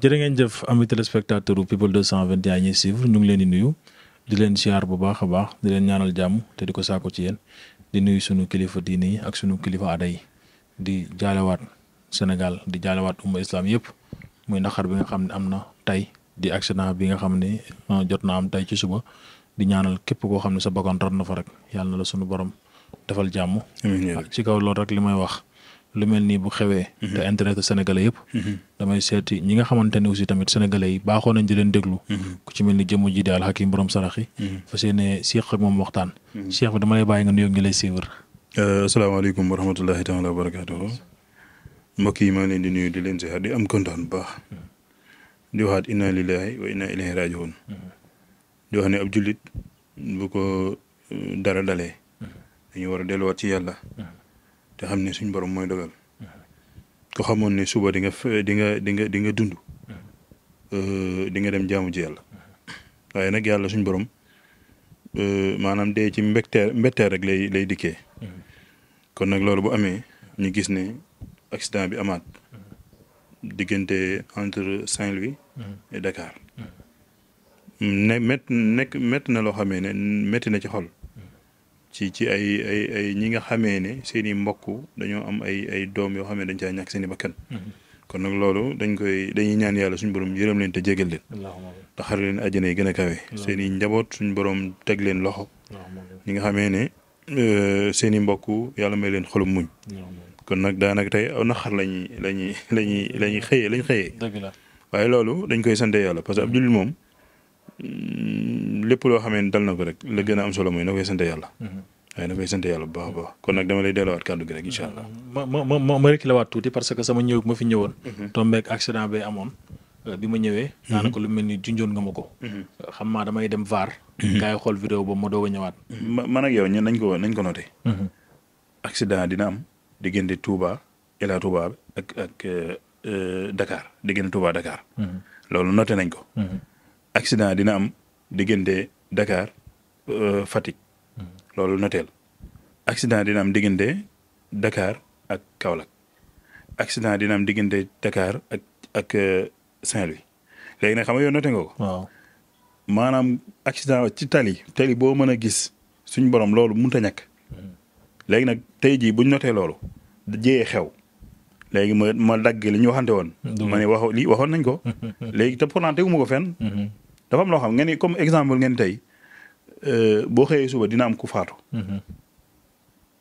jërë ngeen jëf ami téléspectateur u people 221 ñuy suivre ñu ngi leen di nuyu di leen siyaar bu baax a baax di leen ñaanal jàmm te di ko saako ci yéen di nuyu sunu kilifa diine yi ak sunu kilifa aada di jaalewaat Sénégal di jaalewaat umma islam yëpp muy naqar bi nga xam ne am na tey di accident bi nga xam ne ah, jot na am tey ci suba di ñaanal képp koo xam ne sa bakkan rat na fa rek yàlla na la sunu borom defal jàmm. ci kaw loolu rek li may wax. lu mel nii bu xewee. Mhm. te internet sénégalais yëpp. Mhm. damay seeti ñi nga xamante ne aussi tamit sénégalais yi baaxoo nañ di leen déglu. Mhm. ku ci mel ni jëmm ji di alxakim borom sarax yi. fas yéene Cheikh ak moom waxtaan. Cheikh bi dama lay bàyyi nga nuyoo ngi lay suivre. Euh, asalaamaaleykum wa rahmatulahi taala wa barakaatuhu. yi maa ngi leen di nuyu di leen ziar di am kontaan bu baax. di waxaat inna lillahi wa inna ilayhi rajiun. di wax ne ab jullit bu ko euh, dara dalee. dañu wara a delluwaat ci yàlla. te xam ne suñ borom mooy dogal ko xamoon ne suba dinga nga di nga di di nga dund euh, di nga dem jaamu ji yàlla waaye nag yàlla suñ borom euh, maanaam dee ci mbégteer mbégteer rek lay lay dikkee kon nag loolu bu amee ñu gis ne accident bi amaat diggante entre Saint-Louis et Dakar ne met nekk métti na loo xamee ne métti na ci xol ci ci ay ay ay ñi nga xamee ne seen i mbokk dañoo am ay ay doom yoo xam ne dañ caa ñàkk seen i bakkan mm-hmm. kon nag loolu dañ koy dañuy ñaan yàlla suñu borom yërëm leen te jégal leen te xar leen àjjana yi gën a kawe seen i njaboot suñu borom teg leen loxo ñi nga xamee ne euh, seen i mbokk yàlla may leen xolum muñ kon nag daanaka tey aw naxar lañuy lañuy lañuy la ñuy xëyee lañ xëyee dëgg la waaye loolu dañ koy sante yàlla parce que Abdoul moom lépp loo xamee ne rek la gën a am solo mooy na koy sant yàlla. Mhm. baax a baax kon nag dama lay delloowaat kàddu gi rek incha allah. Mhm. ma ma ma ma rekk la waat tuuti parce que sama ñëw ma fi ñëwoon. Mhm. tombeeg accident bi amoon. Euh, bi ma ñëwee. daanaka lu mel ni junjoon nga ma ko. Euh, xam maa damay dem a dina am diggante Touba Ila Touba ak euh, Dakar diggante Touba Dakar. loolu noté nañ ko. accident dina am diggante Dakar euh, Fatick. Mm-hmm. loolu noteel accident dina am diggante Dakar ak Kaolack accident dina am diggante Dakar ak ak euh, Saint-Louis léegi nag xam nga yow noté nga ko. maanaam accident ci tali. tali boo mën a gis suñ borom loolu mënut a ñàkk. Mm-hmm. léegi nag tey jii buñ notee loolu jiyee xew léegi ma ma dagg li ñu waxante woon. ma ne li waxoon nañ ko. léegi te pourtant teguma ko fenn. Mm-hmm. dafa am loo xam nga comme exemple ngeen tey euh, boo xëyee suba dina am ku faatu. Mm-hmm.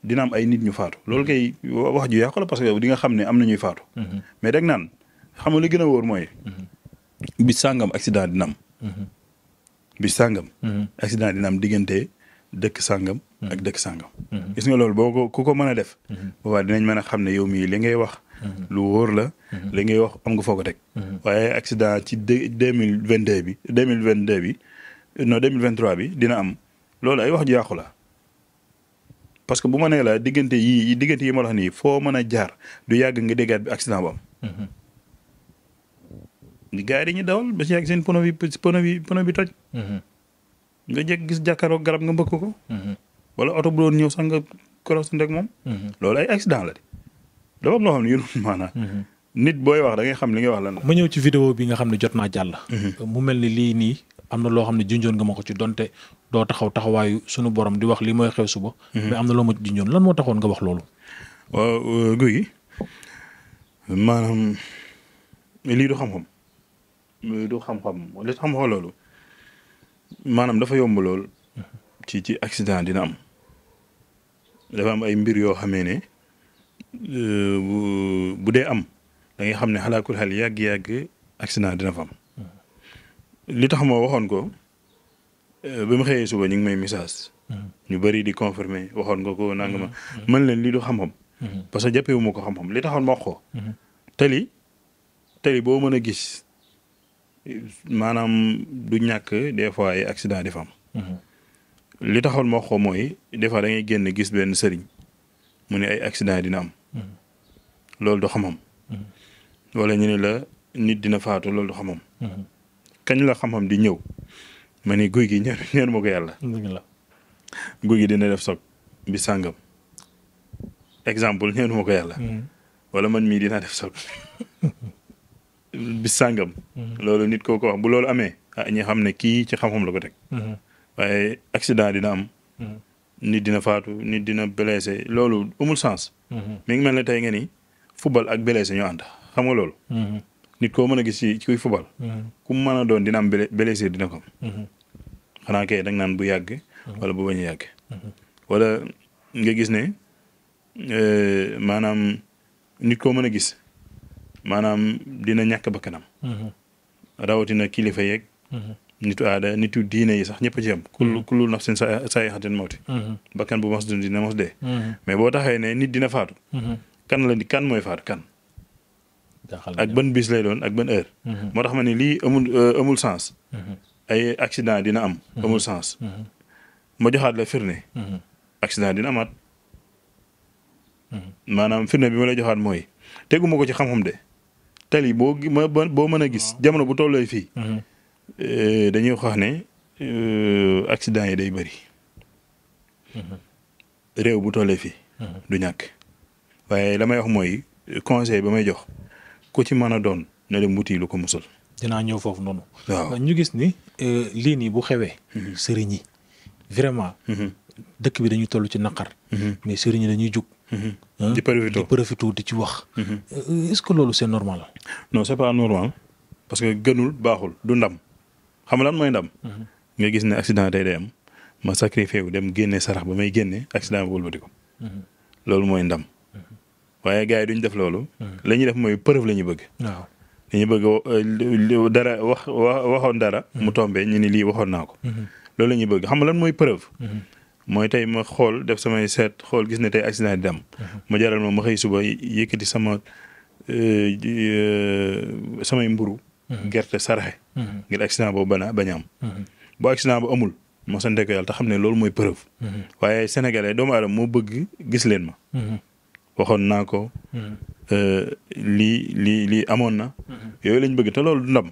dina am ay nit ñu faatu loolu kay wax ju yàqu la parce que di nga xam ne am na ñuy faatu. Mm-hmm. mais rek naan xam nga li gën a wóor mooy. Mm-hmm. bis sàngam accident dina am. bis sàngam. accident dina am diggante dëkk sàngam ak mhm. dëkk sàngam mhm. gis nga loolu boo ko ku ko mën a def mhm. boobaa dinañ mën a xam ne yow mii li ngay wax lu wóor la li ngay wax am nga foo ko teg waaye accident ci de mille vingt deux bi deux mille vingt deux bi non deux mille vingt trois bi dina am loolu ay wax ju yàqu la parce que bu ma nee la diggante yi diggante yi ma la wax nii foo mën a jaar du yàgg nga déggaat bi accident bu am gars yi dañuy dawal ba si yàgg seen pono bi pono bi toj nga jekk gis jàkkaaroo garab nga mbëkk ko. Mhm. wala oto bu doon ñëw sax nga croisé rek moom. Mhm. loolu ay accident la de dafa loo xam ne yéen maanaam. Mhm. nit booy wax da xam li ngay wax lan la. ma ñëw ci vidéo bi nga xam ne jot naa jàll. mu mel ni lii nii am na loo xam ne junjoon nga ma ko ci donte doo taxaw taxawaayu sunu borom di wax lii mooy xew suba. mais am na loo ma junjoon lan moo taxoon nga wax loolu. waaw euh, maanaam lii du xam-xam. lii du xam-xam li tax ma loolu. maanaam dafa yomb lool ci ci accident dina am dafa am ay mbir yoo xamee ne euh, bu bu dee am da xam ne xalaakul xel yàgg-yàgg accident dina fa li tax moo waxoon ko euh, ba mu xëyee suba ñu ngi may message. ñu bëri di confirmer waxoon nga ko nanga ma man leen lii du xam-xam. Mhm. parce que jàppewuma ko xam-xam li taxoon ma wax ko. Mhm. tali tali boo mën a gis. maanaam du ñàkk des fois ay accident di fa mhm. li taxoon ma wax ko mooy des fois da génn gis benn sëriñ mu ne ay accident dina am. Mhm. loolu du xamam. Mhm. wala ñu ne la nit dina faatu lool du xamam. kañ la xam di ñëw ma ni guy gi ñeer ñeer ma ko yàlla. guy gi dina def soog bi sàngam exemple ñeer ma ko yàlla. wala man mii dinaa def soog. bis sàngam. Mhm. loolu nit koo ko wax bu loolu amee a ah, ñi xam ne kii ci xam-xam la ko teg. Mhm. waaye accident dina am. Mhm. nit dina faatu nit dina blessé loolu amul sens. mi ngi mel ne tey nga ni football ak blessé ñoo ànd xam nga loolu. nit koo mën a gis ci kuy football. ku mu a doon dina am blessé dina ko xanaa kay da naan bu yàgg. wala bu bañ a yàgg. wala nga gis ne eh, maanaam nit koo mën a gis. maanaam dina ñàkk bakkanam mhm. rawatina kilifa yeeg mhm. nitu aada nitu diine yi sax ñëpp ci am kullu mhm. kullu nafsin sa saayixatin mawti bakkan bu mos dina mos dee mais boo taxee ne nit dina faatu kan la di kan mooy faatu kan ak ban bis lay doon ak ban heure moo tax ma ne lii amul euh, amul sens ay accident dina am amul sens ma joxaat la firnde accident dina amaat maanaam firnde bi ma lay joxaat mooy teguma ko ci xam-xam de tali boo boo mën a gis jamono bu tollooy fii. Mhm. Eh, dañuy wax ne euh, accident yi day bëri. Mhm. réew bu tollee fii. Mhm. du ñàkk waaye la wax mooy conseil ba may jox ku ci mën a doon na dem wuti lu ko musal. dinaa ñëw foofu noonu. waaw ñu gis ni euh, lii nii bu xewee. sëriñ yi vraiment. dëkk bi dañuy toll ci naqar. mais sëriñ yi dañuy jug. di profité di profité di ci wax. Mm-hmm. est-ce que loolu c'est normal. non c'est pas normal parce que gënul baaxul du ndam xam lan mooy ndam. Mm-hmm. nga gis ne accident day day am ma sacrifié wu dem génne sarax ba may génne accident bi wëlbati ko. Mm-hmm. loolu mooy ndam. waaye gaa yi duñ def loolu. la ñuy def mooy preuve la ñu bëgg. waaw dañu bëgg euh, dara wax waxoon dara. mu tombé ñu ni lii waxoon naa ko. loolu la bëgg xam mooy preuve. mooy tey ma xool def samay seet xool gis ne tey accident di am. Mhm. ma jaral ma ma xëy suba yëkkati sama euh, samay mburu mhm. gerte saraxe. Mhm. ngir accident boobu ba bañ am. boo accident bu amul ma sante ko yàlla te xam ne loolu mooy preuve. waaye sénégalais doomu aadama moo bëgg gis leen ma. waxoon naa ko. Euh, lii lii lii amoon na. yooyu lañ bëgg te loolu du ndam.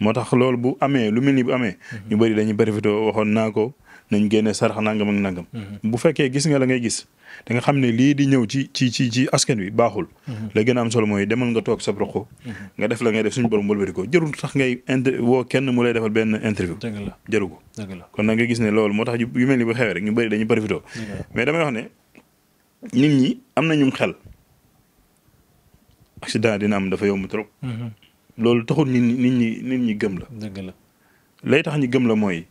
moo tax lool bu amee lu mel ni bu amee. ñu bëri dañuy profité waxoon naa ko. nañ génne sarax nangam ak nangam. Mhm. bu fekkee gis nga la ngay gis da xam ne lii di ñëw ci ci ci ci askan wi baaxul. Mhm. la gën a am solo mooy demal nga toog sa roqo. Mhm. nga def la ngay def suñu borom wëlbati ko jërul sax ngay inter woo mu lay defal benn interview. dëgg la jëru ko. dëgg la kon nag gis ne loolu moo tax yu mel ni bu xewee rek ñu bëri dañuy profité. mais damay wax ne nit ñi am na nañu xel. accident dina am dafa yomb trop. loolu taxul nit ñi nit ñi nit ñi gëm la. la lay tax ñi gëm la mooy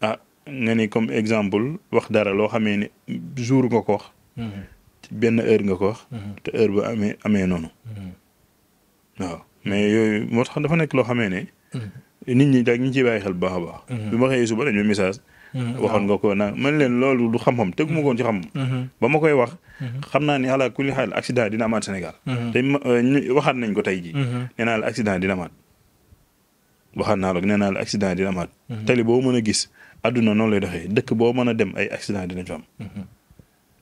ah nga ni comme exemple wax dara loo xamee ne jour nga ko wax. ci mhm. benn heure nga ko wax. Mhm. te heure bu amee noonu. Mhm. waaw mais yooyu moo tax dafa nekk loo xamee ne. nit ñi daal ñu ciy bàyyi xel bu baax a baax. bi ma xëyee suba dañu message. waxoon nga ko naan man leen loolu xam-xam tegu ma woon ci xam. ba ma koy wax. xam naa ni ala kulli xaal accident dina amaat Sénégal. te euh, ñu nañ ko tey jii. nee naa la accident dina amaat. naa la nee naa la accident dina amaat. tali boo mën a gis. àdduna noonu lay doxee dëkk boo mën a dem ay accident dinañ fa am. Mhm.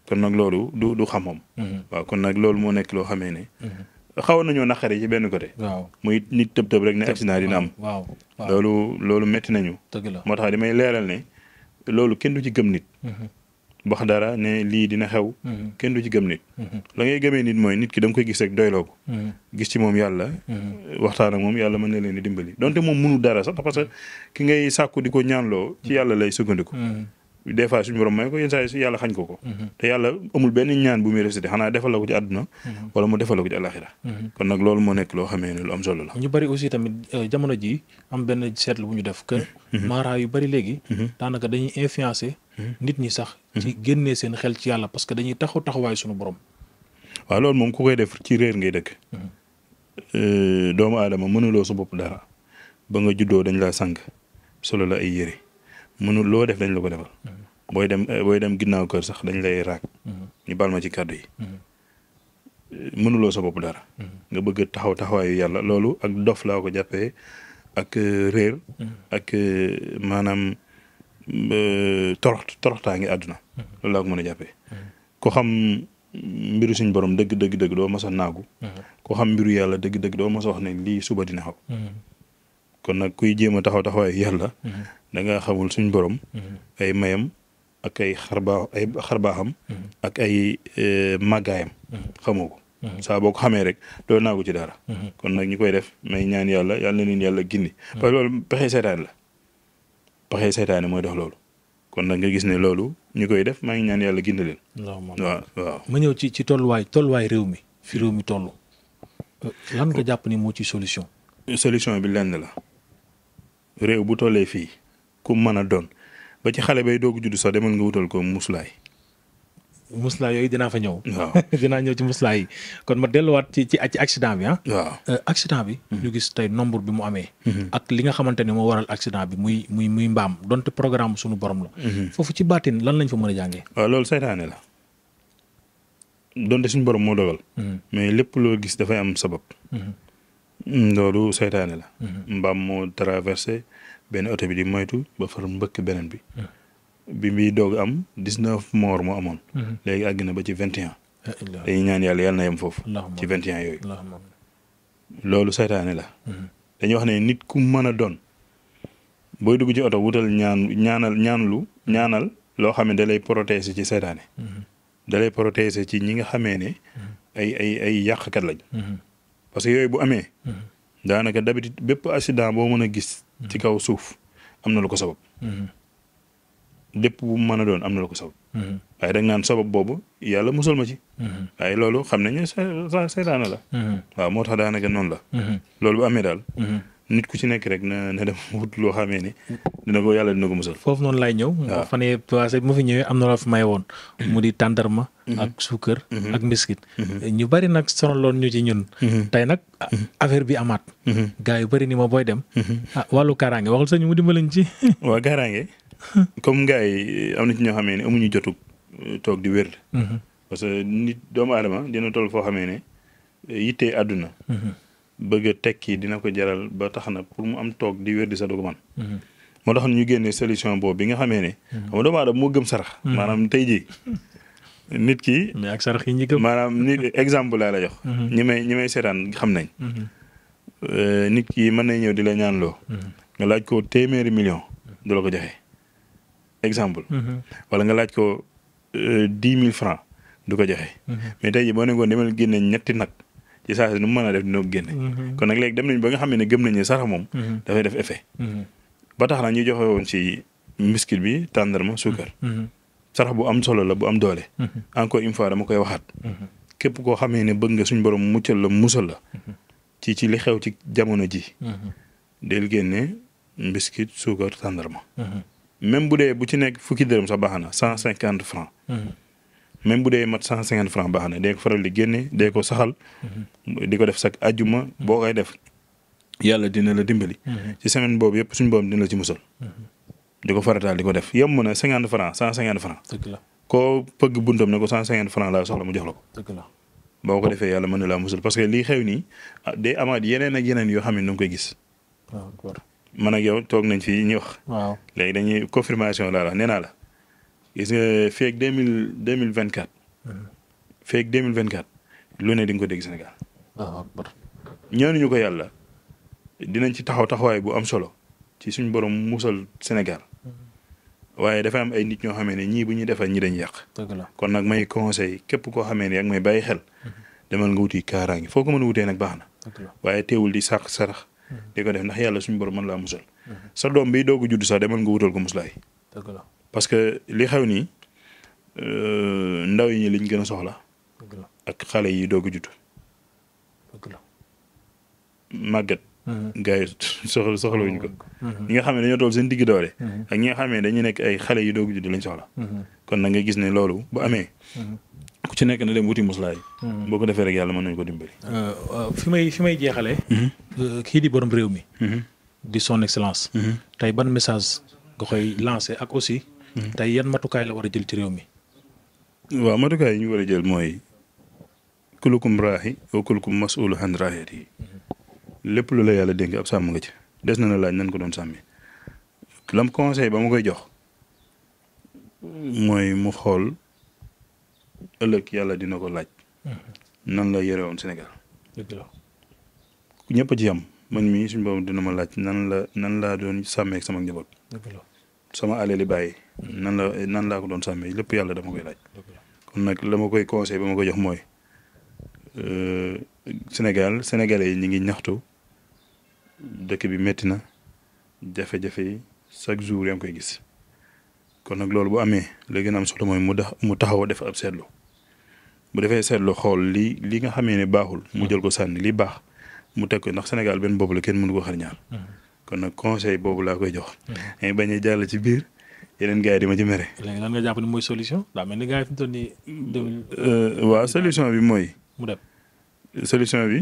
kon nag loolu du du xam-xam. Mhm. waaw kon nag loolu moo nekk loo xamee ne. Mhm. xawoon nañoo naqari ci benn côté. waaw muy nit tëb tëb rek ne accident dina am. waaw loolu loolu métti nañu. moo tax damay leeral ne loolu kenn du ci gëm nit. wax dara ne lii dina xew. Mhm. kenn du ci gëm nit. Mhm. la ngay gëmee nit mooy nit ki da koy gis rek doyloo ko. Mhm. gis ci moom yàlla. waxtaan ak moom yàlla mën na leen di dimbali donte moom mënu dara sax parce que ki ngay sàkku di ko ñaanloo. ci yàlla lay sukkandiku. des fois suñu borom may ko yenn saa yi yàlla xañ ko ko. Mhm. te yàlla amul benn ñaan bu muy récité xanaa defal la ko ci àdduna. Mhm. wala mu defal la ko ci àlaxira mhm. kon nag loolu moo nekk loo xamee ne lu am solo la. ñu bari aussi tamit euh, jamono ji am benn seetlu bu ñu def que. mara yu bari léegi. daanaka dañuy influencer. nit ñi sax. ci génnee seen xel ci yàlla parce que dañuy taxaw taxawaay suñu borom. waaw loolu moom ku koy def ci réer ngay dëkk. Euh, doomu aadama mënuloo sa bopp dara ba nga juddoo dañ laa sànq solo la ay yére. mënul loo def dañ la ko defal mhm. booy dem eh, booy dem ginnaaw kër sax dañ lay raag mhm. ñu baal ma ci kàddu yi mhm. eh, mënuloo sa bopp dara nga bëgg taxaw taxawaayu yàlla loolu ak dof laa ko jàppe ak eh, réer ak maanaam torox taa ngi àdduna loolu laa ko mën a jàppee ko xam mbiru suñ borom dëgg dëgg doo mos naagu ko xam mbiru yàlla dëgg dëgg doo mos wax ne lii suba dina xaw kon nag kuy jéem a taxaw taxawaayu yàlla da nga xamul suñ borom. Mhm. ay mayam ak ay xarbaax xarbaaxam. Mhm. ak ay eh, màggaayam. Mhm. xamoo ko. saa boo ko xamee rek doon naa ko ci dara. kon nag ñi koy def may ñaan yàlla yàlla na leen yàlla gindi. parce pexe seytaane la pexe mooy dox loolu. kon nag nga gis ne loolu ñu koy def maa ngi ñaan yàlla gindi leen. waaw waaw ma ñëw ci ci tolluwaay tolluwaay réew mi fi réew mi toll. lan nga jàpp ni moo ci solution. solution bi lenn la réew bu tollee fii ku mën a doon ba ci xale bay doog judd sax demal nga wutal ko muslaay. muslaay yooyu dinaa fa ñëw. waaw dinaa ñëw ci muslaay yi kon ma delluwaat ci ci ci bi ah. waaw euh, accident bi. Mhm. ñu gis tey nombre bi mu amee. Mhm. ak li nga xamante ne moo waral accident bi muy muy muy mbaam donte programme suñu borom la. Mhm. foofu ci baatin lan lañ fa mën a jàngee. waaw loolu saytaane la donte suñu borom moo dogal. mais lépp loo gis dafay am sabab. Mm, loolu saytaane la. mbaam moo traversé. benn oto bi di moytu ba far mbëkk beneen bi. Hmm. bi muy doog am dix neuf moo mu amoon. Hmm. léegi àgg na ba ci vingt et un. dañuy ñaan yàlla yàlla na yam foofu. ci vingt et un yooyu. loolu saytaane la. Hmm. dañuy wax ne nit ku mën a doon booy dugg ci oto wutal ñaan ñaanal ñaanlu ñaanal loo xam ne da lay protéger ci saytaane. da lay ci ñi nga xamee ne. ay ay ay yàqkat lañ. parce yooyu bu amee. daanaka d'habitude bépp accident boo mën a gis. ci kaw suuf am na lu ko sabab. Mhm. lépp bu mën a doon am na lu ko sabab. Mhm. waaye da nga naan sabab boobu yàlla musal ma ci. Mhm. waaye loolu xam nañ ne seytaane la. waaw moo tax daanaka noonu la. loolu bu amee daal. nit ku ci nekk rek na na dem wut loo xamee ne dina ko yàlla dina ko musal. foofu noonu laay ñëw. waaw fan yii passé bu ma fi ñëwee am na loo fi may woon. Mhm. mu di tàndarma. Mhm. ak suukar. Mhm. ak mbiskit. ñu bari nag sonaloon ñu ci ñun. tey nag ah, affaire bi amaat. gars yu bari ni ma booy dem. ah wàllu kaaraange waxul sañu mu dimbaliñ ci. waaw kaaraange comme gars yi eh, am na ci ñoo xamee ne amuñu jotu eh, toog di wér. parce que nit doomu aadama dina toll foo xamee ne eh, yitte àdduna. bëgg a tekki dina ko jaral ba tax na pour mu am toog di wér di sa du ko man mhm. moo tax ñu génnee solution boobu bi nga xamee ne. Mhm. xam nga doomu aadama mhm. nit ki. mais ak sarax yi ñi gëm. maanaam nit exemple laa la jox. nañ. Euh, ki mën nañ ñëw di la ñaan loo nga laaj ko téeméeri million du la ko joxe exemple. wala nga laaj ko euh, dix mille franc du ko joxe. mais tey jii boo nekkoon demal génne ñetti nag. ci saa si nu mu mën a def dina ko génne. Mhm. kon nag léegi dem nañ ba nga xam ne gëm nañ ne sarax moom. Mhm. dafay def effet. Mhm. ba tax na ñuy joxe woon ci mbiskit bi tàndarma suukar. sarax bu am solo la bu am doole. encore une fois dama koy waxaat. képp koo xamee ne bëgg nga suñ borom muccal la musal la. ci ci li xew ci jamono ji. del génne mbiskit suukar tàndarma. même bu dee bu ci nekk fukki dërëm sa baax na cent cinquante franc. même bu dee mat cent cinquante franc baax na dee ko faral di génne dee ko saxal. di ko def sax ajjuma boo koy def yàlla dina la dimbali. Mhm. ci semaine boobu yëpp suñ boobu dina la ci musal. Mhm. di ko farataal di ko def yem na cinquante franc cent cinquante franc. dëgg la koo pëgg buntam ne ko cent cinquante franc laa soxla mu jox la ko. dëgg boo ko defee yàlla mën na laa musal parce que lii xew nii ah, day amaat yeneen ak yeneen yoo xam ne da koy gis. Ah, man ak yow toog nañ fi ñuy wax. waaw léegi dañuy confirmation laa nee naa la. gis nga fii ak deux mille deux mille vingt quatre. Hmm. fii ak deux mille vingt lu ne di ko dégg Sénégal. waaw ah, ñu ko yàlla dinañ ci taxaw taxawaay bu am solo ci suñu borom musal Sénégal. Hmm. waaye dafa am ay nit ñoo xamee ne ñii bu ñuy defal ñi dañ yàq. kon nag may conseil képp koo xamee ne ak may bàyyi xel. Hmm. demal nga wuti kaaraange foo ko mën a wutee nag baax na. waaye teewul di sàq sarax. di ko def ndax yàlla suñu borom mën laa musal. sa doom bi doog a judd sax demal nga wutal ko muslaay. parce que li xew nii euh, ndaw yi ñu lañ gën a soxla. ak xale yi doog a jutu. màggat. Mhm. gars yi soxla soxlawuñ ko. Mhm. ñi nga xam ne dañoo toll seen digg doole. Mhm. ak ñi nga xam ne dañu nekk ay xale yi doog a jutu lañ soxla. kon na nga gis ne loolu bu amee. ku ci nekk na dem wuti muslaay. boo ko defee rek yàlla mën nañu ko dimbali. Euh, euh, fi may fi may jeexalee. kii di borom réew mi. di son excellence. tey ban message nga koy lancé ak aussi. tey yan matukaay la war a jël ci réew mi. waaw matukaay yi ñu war a jël mooy kulukum raaxi wa kulukum mas'uulu an raayati lépp lu la yàlla dénk ab sàmm nga ci des na la laaj nan ko doon sàmmi lam conseil ba ma koy jox mooy mu xool ëllëg yàlla dina ko laaj. Mm-hmm. nan la yore woon Sénégal. ñëpp ci yam man mii suñu boobu dina ma laaj nan la nan laa doon sàmmeek sama njaboot. sama alali bàyyi nan nan laa ko doon sàmmee lépp yàlla dama koy laaj kon nag la ma koy conseil ba ma koy jox mooy euh, Sénégal sénégalais yi ñu ngi ñaxtu dëkk bi metti na jafe-jafe yi chaque jour yaa koy gis kon nag loolu bu amee la gën a am solo mooy mu tax mu taxaw def ab seetlu bu defee seetlu xool li li nga xamee ne baaxul mu hmm. jël ko sànni li baax mu teg ko ndax Sénégal benn bopp la kenn mënu ko xar kon nag conseil boobu laa koy jox. mais hmm. bañ a jàll ci biir yeneen gars yi di ma ci mere. léegi lan nga jàpp ni mooy solution daa ni gars yi fi euh, solution bi mooy. mu solution bi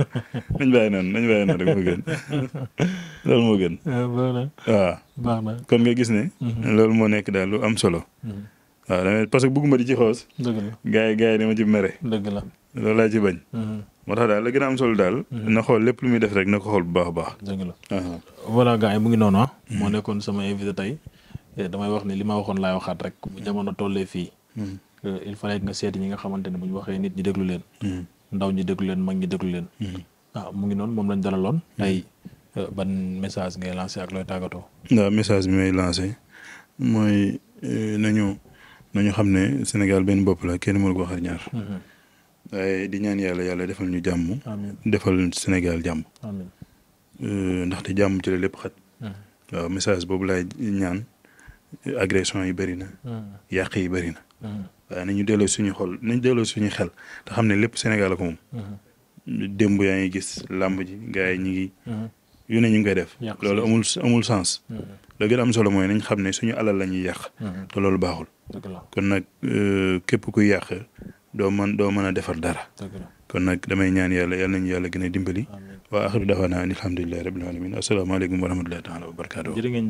nañ bàyyi noonu nañ bàyyi noonu rek moo gën loolu moo gën. Euh, waaw kon nga gis ne. Hmm. loolu moo nekk daal lu am solo. Hmm. waaw parce que bëgguma di ci xoos. dëgg la di ma ci mere. dëgg la. loolu laay ci bañ. Mhm. moo tax daal la gën a am solo daal. Mhm. na xool lépp lu muy def rek na ko xool bu baax a baax. dëgg la voilà gars yi mu ngi noonu ah. Mhm. moo nekkoon sama invité tey eh, damay wax ne li ma waxoon laay waxaat rek bu jamono tollee fii. Eh, il fallait nga seeti ñi nga xamante ne bu waxee nit ñi déglu leen. ndaw ñi déglu leen mag ñi déglu leen. ah mu ngi noonu moom lañ dalaloon. tey eh, ban message ngay lancé ak looy tàggatoo. waaw message mi may lancé mooy nañu nañu xam ne Sénégal benn bopp la kenn mënu ko waxal ñaar. waaye di ñaan yàlla yàlla defal ñu jàmm. defal Sénégal jàmm. Euh, ndaxte jàmm ci la lépp xat. Hmm. waaw message boobu laay ñaan agression yi bëri na. Hmm. yàq yi bëri na. Hmm. waaye nañu delloo suñu xol nañu delloo suñu xel te xam ne lépp Sénégal la moom. démb yaa ngi gis làmb ji gars yi ñu ngi. yu ne ñu ngi koy def. loolu amul amul sens. la gën a am solo mooy nañ xam ne suñu alal la ñuy yàq. te loolu baaxul. kon nag euh, képp kuy yàq. doo mën doo mën a defar dara. kon nag damay ñaan yàlla yal nañu yàlla gën a dimbali. waa axiru dafanaa alhamdulillahi rabbil alamin asalaamaaleykum wa rahmatullahi taala wa barakaatu.